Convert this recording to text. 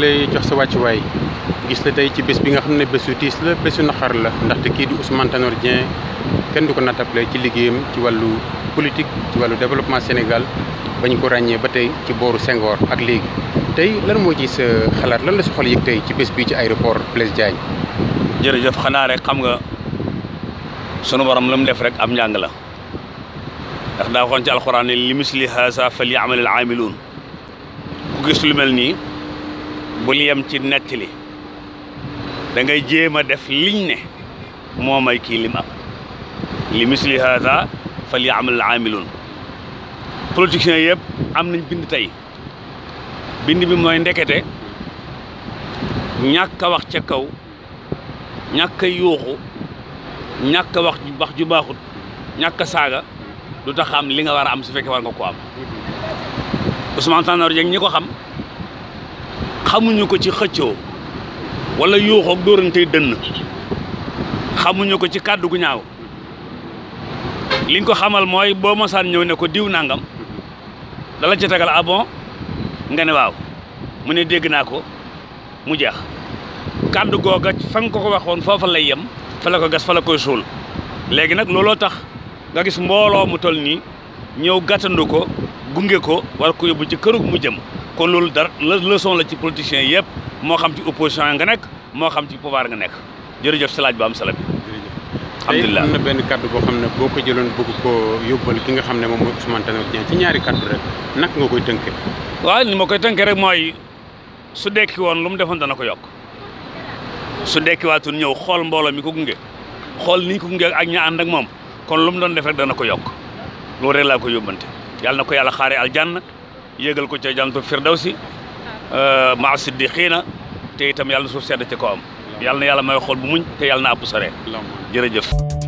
lay jox sa way gis la tay ci bes bi nga xamne besu tis la besu naxar la ndax te ki di Ousmane Tanor Dien kenn du ko nattable ci liggéeyam ci walu politique ci walu développement Sénégal bañ ko ragné ba tay ci boru Senghor ak ligue tay lan mo ci sa xalat lan la soxal yek tay ci bes bi ci aéroport Blaise Diagne. jërëjëf xana rek xam nga sunu borom lam def rek am njàng la ndax da waxoon ci alcorane li misli hasa fal al'amilun ku gis lu melni bul yem ci nettali da ngay jéem a def liñ ne moo may kii lim am li misli haada fal yaamal aamiluun production yëpp am nañ bind tey bind bi mooy ndekete ñàkk a wax ca kaw ñàkk a yuuxu ñàkk a wax wax ju baaxut ñàkk a saaga du tax am li nga war a am su fekkee war nga ko am mm-hmm. Ousmane Tanor ñi ko xam xamuñu ko ci xëccoo wala yuuxoog dóorantey dënn xamuñu ko ci kàddu gu ñaaw liñ ko xamal mooy boo mosaan ñëw ne ko diw nangam dala ci tegal ah bon nga ne waaw mu ne dégg naa ko mu jeex kàddu googa fa nga ko ko waxoon foofa lay yem fa la ko gas fa la koy suul léegi nag looloo tax nga gis mbooloo mu toll nii ñëw gàttandu ko gunge ko war ku yóbbu ci kërug mu jëm kon loolu dar leçon la ci politiciens yépp mo xam ci opposition nga nek mo xam ci pouvoir nga nek jërëjëf si laaj bu am solo alhamdullah amna am na bo xamne boko jëlon ne boo ko yobbal ki nga xamne mom Ousmane Tanor Dieng ci ñaari kaddu rek nak nga koy teunké wa ni mo koy teunké rek moy su dékki won lum defon dana ko yok su dékki dekkiwaatun ñew xol mbolo mi ko gungé xol ni ko gungé ak ñi and ak mom kon lum doon def rek dana ko yok lo rek la ko yobante yalla nako yalla yàlla aljanna yéegal ko ca jàntu firdawsi euh, maa siddiqiina te itam yàlla na suuf sedd ci kawam yàlla na yàlla may xool bu muñ te yàlla na àpp sore jërëjëf